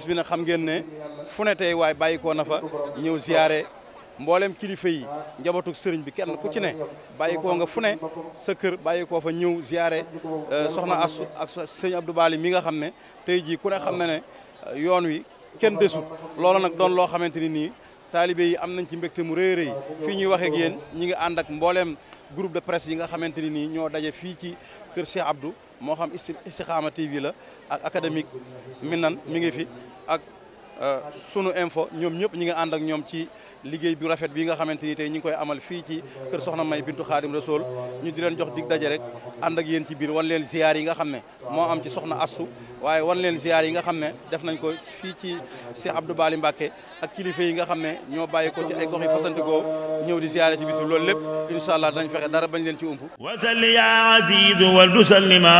bis bi nag xam ngeen ne fu ne tey waaye bàyyi ko na fa ñëw ziyaare mboolem kilifa yi njabootu sëriñ bi kenn ku ci ne bàyyi nga fu ne sa kër bàyyi fa ñëw ziyaare euh, soxna Astu ak sëñ Abdou mi nga xam ne tey jii ku ne xam na ne euh, yoon wi kenn desut loolu nag doon loo xamante ni nii taalibe yi am nañ ci mbégte mu rëy fi fii ñuy waxee ak ñi ngi ànd ak mbooleem groupe de presse yi nga xamante ni nii ñoo daje fii ci kër Cheikh Abdou moo xam Istikhama TV la ak académique Minane mi ngi fi ak euh, sunu info ñoom ñëpp ñi nga ànd ak ñoom ci liggéey bi rafet bi nga xamante ni tey ñu ngi koy amal fii ci kër Soxna May Bintu Xaadim Rasool ñu di leen jox dig daje rek ànd ak yéen ci biir wan leen ziar yi nga xam ne moo am ci Soxna Assu waaye wan leen ziar yi nga xam ne def nañ ko fii ci Cheikh Abdou Bali Mbacke ak kilifa yi nga xam ne ñoo bàyyi ko ci ay gox yi fasantikoo ñëw di ziare ci bis bi loolu lépp incha allah dinañ fexe dara bañ leen ci ump wasal ya aziz wa tusallima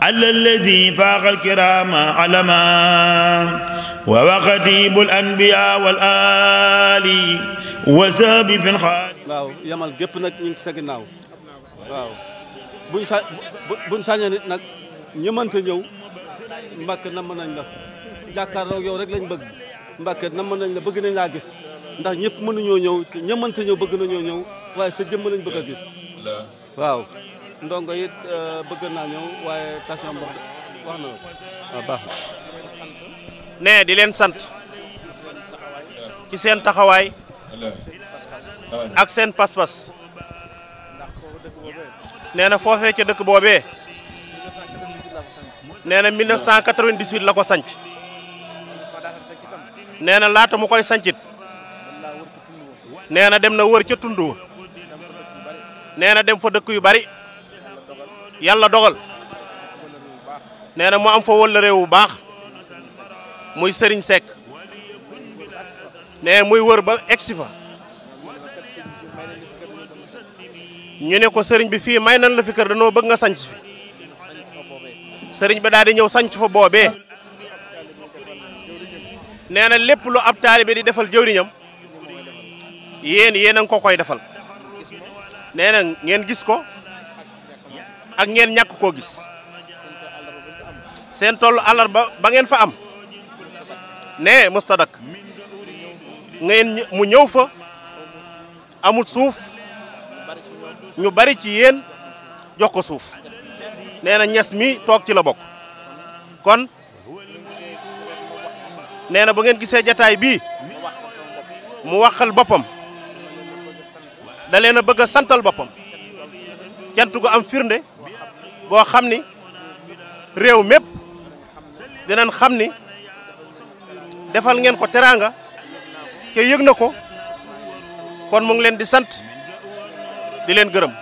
ala alladi faaqa alkirama alama ووقتيب الأنبياء والآلي وسابي في الحال waaw yamal gépp nag ñu ngi naaw ginnaaw waaw buñ sa buñ sañoon nit nag ñëmante ñëw mbàkk namm nañ la jàkkaarloo yow rek lañ bëgg mbàkk namm nañ la bëgg nañ laa gis ndax ñëpp mënuñoo ñëw te ñëmante ñëw bëgg nañoo ñëw waaye sa jëmm lañ bëgg a gis waaw ndongo it euh, bëgg naa ñëw waaye station boobu wax na la waaw nee di leen sant ci seen taxawaay ak seen pas-pas na foofee ca dëkk boobee nee na 1998 la ko sanc nee na laata mu koy sancit nee na dem na wër ca tund wa nee dem fa dëkk yu bari yàlla dogal nee na mu am fa wëllëre wu baax muy Serigne Seck ne muy wër ba egsi fa ñu ne ko sëriñ bi fii may nan la fi kër danoo bëgg nga sanc fi sëriñ bi daal di ñëw sanc fa boobee nee na lépp lu ab bi di defal jëwriñam yéen yéen a ngi ko koy defal nee na ngeen gis ko ak ngeen ñàkk koo gis seen tollu àllarba ba ngeen fa am nee mustadak ngeen mu ñëw fa amul suuf ñu bari ci yéen jox ko suuf nee na ñes mi toog ci la bokk kon nee na ba ngeen gisee jataay bii mu waxal boppam da leen a bëgg a santal boppam jant gu am firnde boo xam ni réew mépp dinañ xam ni defal ngeen ko teraanga te yëg na ko kon mu ngi leen di sant di leen gërëm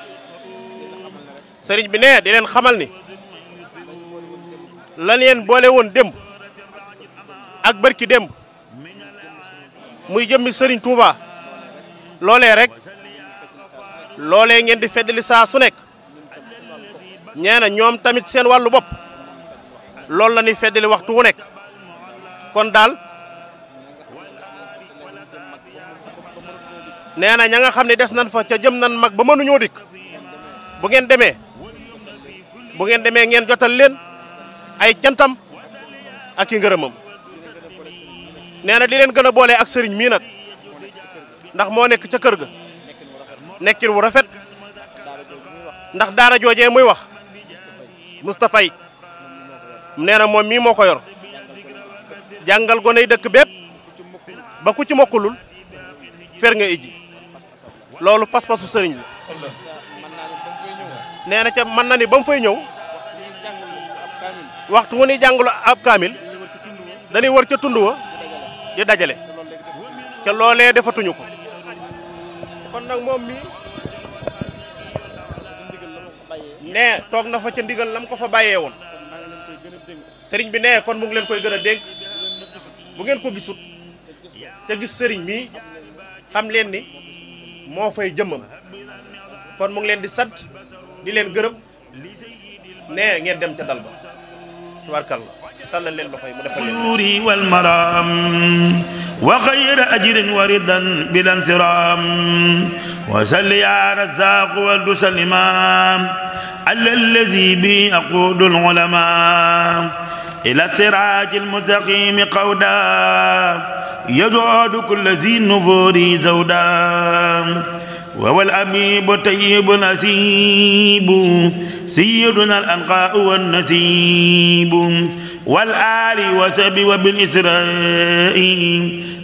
sëriñ bi nee di leen xamal ni lan yeen boole woon démb ak bërki démb muy jëmmi sëriñ Touba loole rek loole ngeen di feddali saa su nekk ñee ñoom tamit seen wàllu bopp loolu la ñuy feddali waxtu wu nekk kon daal nee na ña nga xam ne des nan fa ca jëm nan mag ba mënuñoo dikk bu ngeen demee bu ngeen demee ngeen jotal leen ay cantam ak i ngërëmam nee na di leen gën a boole ak sëriñ mii nag ndax moo nekk ca kër ga nekkin wu rafet ndax daara joojee muy wax Moustapha yi nee moom mii moo ko yor jàngal goney dëkk bépp ba ku ci mokkulul fer nga ijji loolu pas-pasu sëriñ la nee na ca mën na ni ba mu ñëw waxtu wu ni jàngalu ab kaamil dañuy war ca tund wa di dajale ca loolee defatuñu ko kon nag moom mi nee toog na fa ca ndigal lam ko fa bàyyee woon sëriñ bi nee kon mu ngi leen koy gën a dénk bu ngeen ko gisut ca gis sëriñ mii xam leen ni moo fay jëmmam kon mu ngi leen di sant di leen gërëm ne ngeen dem ca dal ba tubarkalla tàllal leen loxo yi mu defal leen wal maram wa xayra ajrin wa ridan bil intiram wa salli ya razzaq wal tusallima ala allazi bi aqudu al ulama ila siraj al mustaqim qawda يجعد كل ذي النفور زودا وهو الأبيب الطيب الأسيب سيدنا الأنقاء والنسيب والآل وسبي وبالإسراء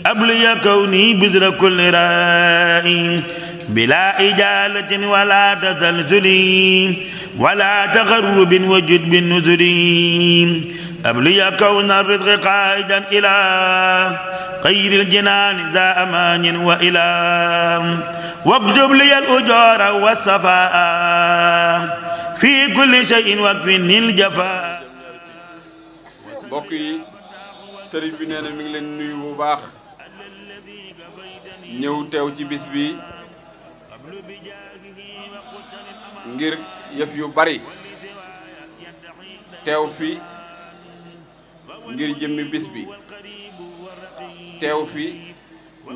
أبلي كوني بزر كل رائي بلا إجالة ولا تزلزل ولا تغرب وجد بالنزل أبلي كون الرزق قائدا إلى غير الجنان ذا أمان وإلى واكتب لي الأجور والصفاء في كل شيء واكفني الجفاء mbokk yi sëriñ bi nee na mi ngi leen nuyu bu baax ñëw teew ci bis bi ngir yëf yu bari teew fi ngir jëmmi bis bi teew fi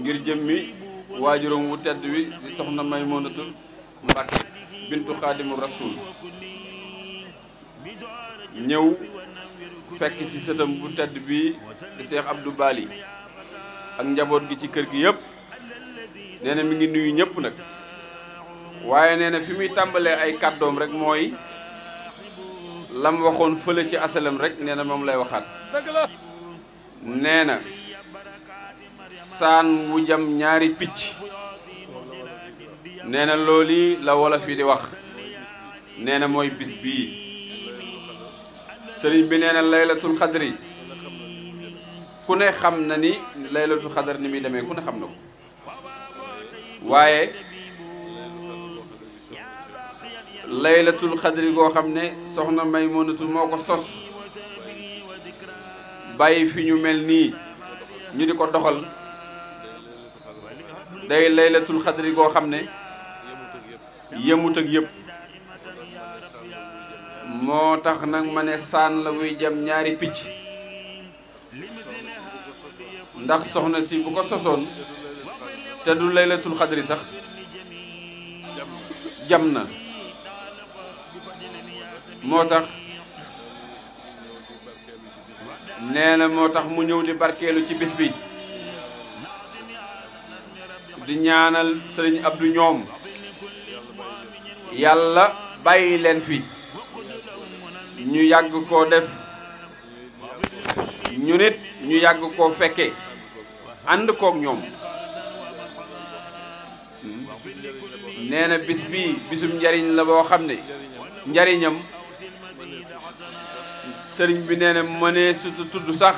ngir jëmmi waajuram wu tedd wi di soxna Maymunatu Mbàkke bintu Xaadimu Rasuul ñëw fekk ci sëtam bu tedd bii di Cheikh Abdou Bali ak njaboot gi ci kër gi yépp nee mi ngi nuyu ñëpp nag waaye nee na fi muy tàmbalee ay kàddoom rek mooy lam waxoon fële ci asalam rek nee na moom lay waxaat dëgg na saan wu jam ñaari picc nee na la wolof yi di wax nee na mooy bis bi sëriñ bi nee na laylatul xadri ku ne xam na ni laylatul xadar ni muy demee ku ne xam na ko waaye laylatul xadri goo xam ne soxna Maymunatu moo ko sos bàyyi fi ñu mel nii ñu di ko doxal day laylatul xadri goo xam ne yemut ak yëpp moo tax nag ma ne saan la muy jam ñaari picc ndax soxna si bu ko sosoon te du laylatul xadri sax jam na moo tax nee na moo tax mu ñëw di barkeelu ci bis bi di ñaanal sëriñ Abdou ñoom yàlla bàyyi leen fi ñu yàgg koo def ñu nit ñu yàgg koo fekke ànd koog ñoom nee na bis bi bisum njariñ la boo xam ne njariñam sëriñ bi nee na mënee sutu tudd sax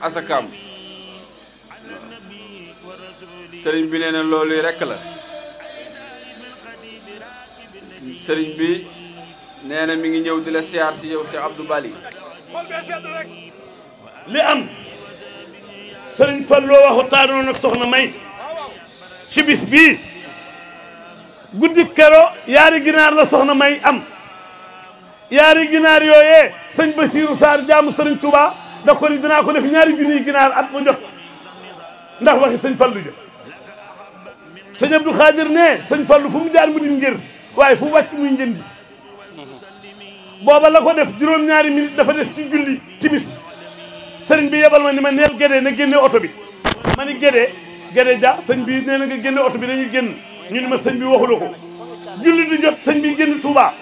asakaam sëriñ bi nee na loolu rekk la sëriñ bi nee na mi ngi ñëw di la siyaar si yow si Abdou Bali xool bee sedd li am sëriñ Falloo waxu taanoon ak soxna may ci bis bii guddi kero yaari ginaar la soxna may am yaari ginaar yooyee sëñ Basiiru Saar jaamu sëriñ Tuuba da ko ni ko def ñaari junniy ginaar at mu jot ndax waxi sëñ Fallu ja sëñ Abdou ne sëñ Fallu fu mu jaar mu dim ngir waaye fu mu wàcc muy njëndi booba la ko def juróom-ñaari minute dafa des ci julli timis sëriñ bi yebal ma ni ma neel gédee na génne oto bi ma ni gédee gédee ja sañ bi nee na nga oto bi dañuy génn ñu ni ma sëñ bi waxula ko julli di jot sëñ bi génn Tuuba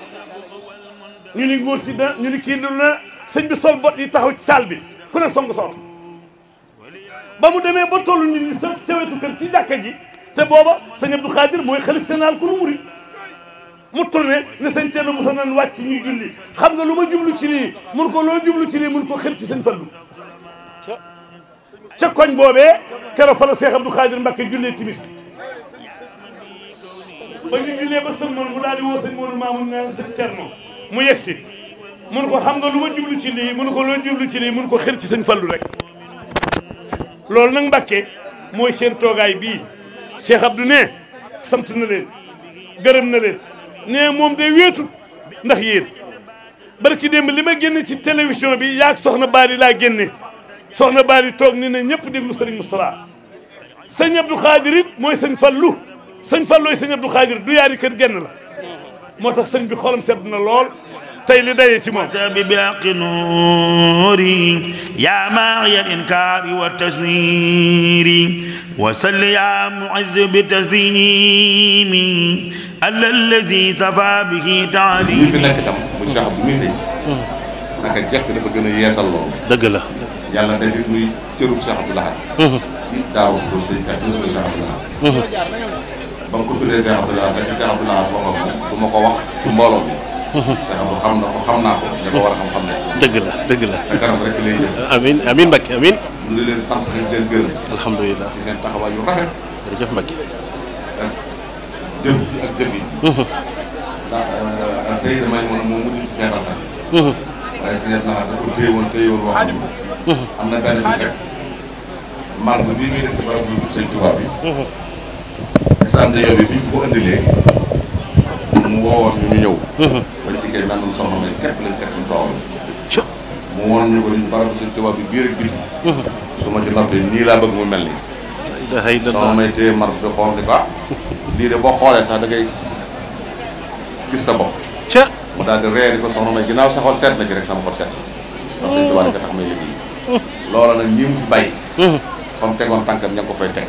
ñu ni nguur si na ñu kii lu na sëñ bi sol bot yi taxaw ci saal bi ku ne song soot ba mu demee ba tollu ñu ñi sa sa wetu kër ci jàkka ji te booba sëñ Abdou Khadir mooy xalif général ku nu muri mu tourné ne sëñ Thierno Moussa naan wàcc ñuy julli xam nga lu ma jublu ci lii mun ko loo jublu ci lii mun ko xër ci sëñ Fallu ca koñ boobee keroog fa la Cheikh Abdou Khadir Mbacké jullee timis ba ñu jullee ba sëñ man mu daal di woo sëñ Modou Mamoun naan sëñ Thierno mu yegsi mun ko xam nga lu ma jublu ci lii mun ko loo jublu ci lii mun ko xër ci sëñ Fallu rek loolu nag Mbàkke mooy seen toogaay bii Cheikh Abdou ne sant na leen gërëm na leen ne moom day wéetu ndax yéen ci démb li ma génne ci télévision bi yaag soxna Bali laa génne soxna Bali toog ni ne ñëpp déglu sëriñ Moustapha sëñ Abdou Khadir it mooy sëñ Fallu sëñ Fallu ay sëñ Abdou Khadir du yaari kër genn la moo tax sëriñ bi xoolam sedd na lool tey li daye ci moom sabi bi aqi nuuri ya ma'iya al-inkari wa tasniri wa salli ya mu'izz bi taslimi ala allazi safa bihi ta'ali ñi fi nekk itam mu Cheikh Abdou Mitey naka jekk dafa gën a yeesal loolu dëgg la yàlla def it muy cërub Cheikh Abdou Lahad ci daaw ko sëñ Cheikh Abdou Lahad ba mu ko tuddee Cheikh Abdoulaye ba ci Cheikh Abdoulaye ba ma du ma ko wax ci mbooloo bi. Cheikh Abdou xam na ko xam naa ko ña ko war a xam xam ne. dëgg la dëgg la. te kanam rek lay jëm. amiin amiin Mbacke amiin. ñu ngi leen sant di leen gërëm. alhamdulilah ci seen taxawaay yu rafet. jërëjëf Mbacke. ak jëf ji ak jëf yi. Mhm. ndax euh, Seydou May moom moo mujj ci seetal xel. Mhm. waaye Sëñ Abdou Lahad da ko téye woon téye woon wax mhm. am na benn bés rek. màgg bii muy def ci barab bu Sëñ Tuubaa bi. sant yow bi bi ñu ko indilee mu woowoon ñu mhm. ñu ñëw. wala dikkee bi man moom soxna May ñu toog mu ko bi biir ak mhm. su ma ci noppee nii laa bëgg mu mel nii. ay dëgg soxna May téye mar lii de boo xoolee sax da ngay gis sa bopp. ca mu daal di reeri ko soxna May ginnaaw sax xol seet na ci rek sama xol seet na. ndax sëñ Tuubaa ka tax may liggéey. Mhm. loola nag ñi mu fi bàyyi. fa mu tegoon tànkam ña ko fay teg.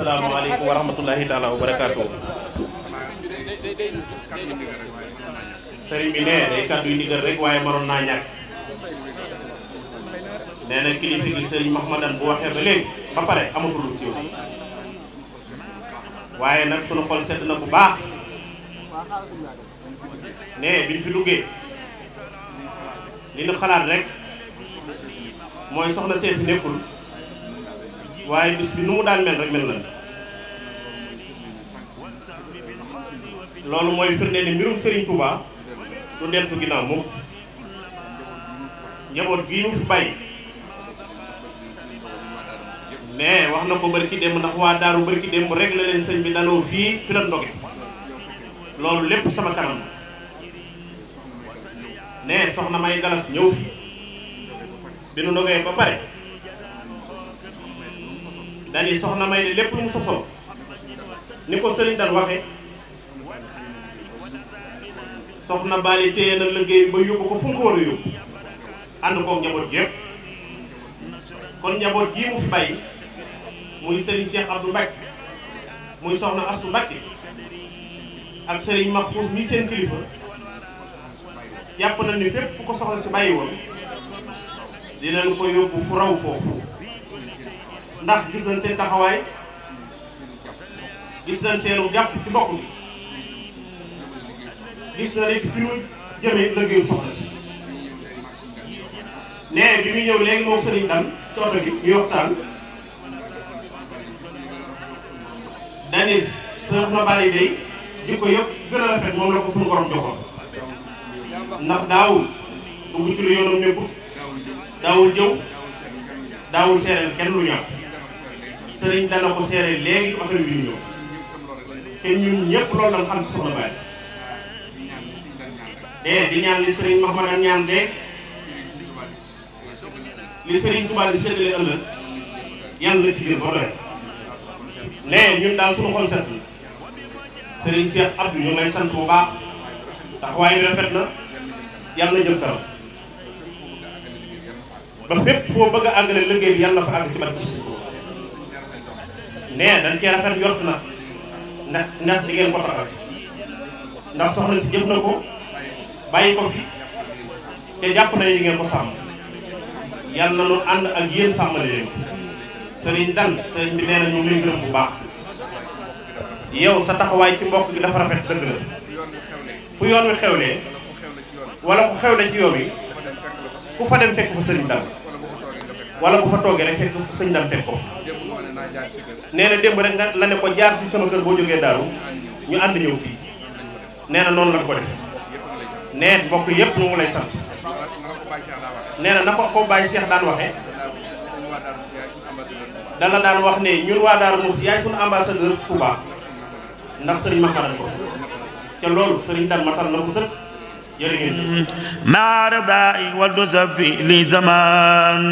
asalaamaaleykum wa rahmatullahi taala wa barakaatu. bi nee day kàddu yu ndigal rek waaye maroon naa ñàkk. nee na kilifa gi sëriñ bu waxee ba léegi ba pare lu ci waaye nag sunu xol sedd na bu baax. nee biñ fi duggee. li ñu xalaat rek. mooy soxna seef nekkul. waaye bis bi nu mu daan mel rek mel na loolu mooy firnde ni mbirum Serigne Touba du deltu ginnaaw mukk njaboot gii mu fi bàyyi ne wax na ko barki dem ndax waa daaru barki démb rek la leen sëñ bi daloo fii fi ndoge loolu lépp sama kanam ne soxna may galas ñëw fi bi nu ndogee ba pare dani soxna may de lépp lu mu sosoon ni ko sëriñ daan waxe soxna Bally téye na liggéey ba yóbbu ko fu mu ko war a yóbbu ànd koog njaboot gépp kon njaboot gii mu fi bàyyi muy sëriñ Cheikh Abdou Mbacke muy soxna Assou Mbacke ak sëriñ Mahfouz mi seen kilifa yàpp na ni fépp ko soxla si bàyyi woon dinañ ko yóbbu fu raw foofu ndax gis nañ seen taxawaay gis nañ seenu jàpp ci bokk bi gis na nit fi mu jëmee lëggéeyul soxna si nee bi muy ñëw léegi moom sëriñ dan cooto gi ñu waxtaan danis soxna bari day jikko yëpp gën a moom la ko suñu borom joxoon ndax daawul dugg ci lu yoonam ñëpp daawul jëw daawul seereel kenn lu ñaaw sëriñ dana ko seere léegi ci oto bi ñu ñëw te ñun ñëpp loolu lañ xam ci soxna Bally de di ñaan li sëriñ Mahamadan ñaan de li sëriñ Touba di séddale ëllëg yàlla na ci ba doy ne ñun daal suñu xol set na sëriñ Cheikh Abdou ñu lay sant bu baax taxawaay bi rafet na yàlla na jëm kanam ba fépp foo bëgg a àggale liggéey bi yàlla na fa àgg ci barke mais dañ cee rafet yott na ndax ndax di ngeen ko taxawee ndax soxna si jëf na ko bàyyi ko fi te jàpp nañu di ngeen ko sàmm yal na nu ànd ak yéen sàmmale leen sëriñ Dan sëriñ bi nee na ñu ngi bu baax yow sa taxawaay ci mbokk gi dafa rafet dëgg la fu yoon wi xewlee wala ku xewle ci yoon wi ku fa dem fekk fa sëriñ Dan. wala bu fa toogee rek fekk sëñ dam fekk ko nee na démb rek nga la ne ko jaar fi sama kër boo jógee daaru ñu ànd ñëw fii nee na noonu la ko defee nee mbokk yëpp ñu ngi lay sant nee na na ko ko bàyyi seex daan waxee dala daan wax ne ñun waa Daaru Mouhty yaay suñu ambassadeur Touba ndax sëriñ Mahmadane ko te loolu sëriñ daan matal na bu ما رضائي والدسف لي زمان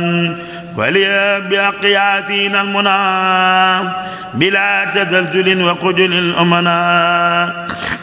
ولي بحق ياسين المنى بلا تزلزل وخجل الأمنا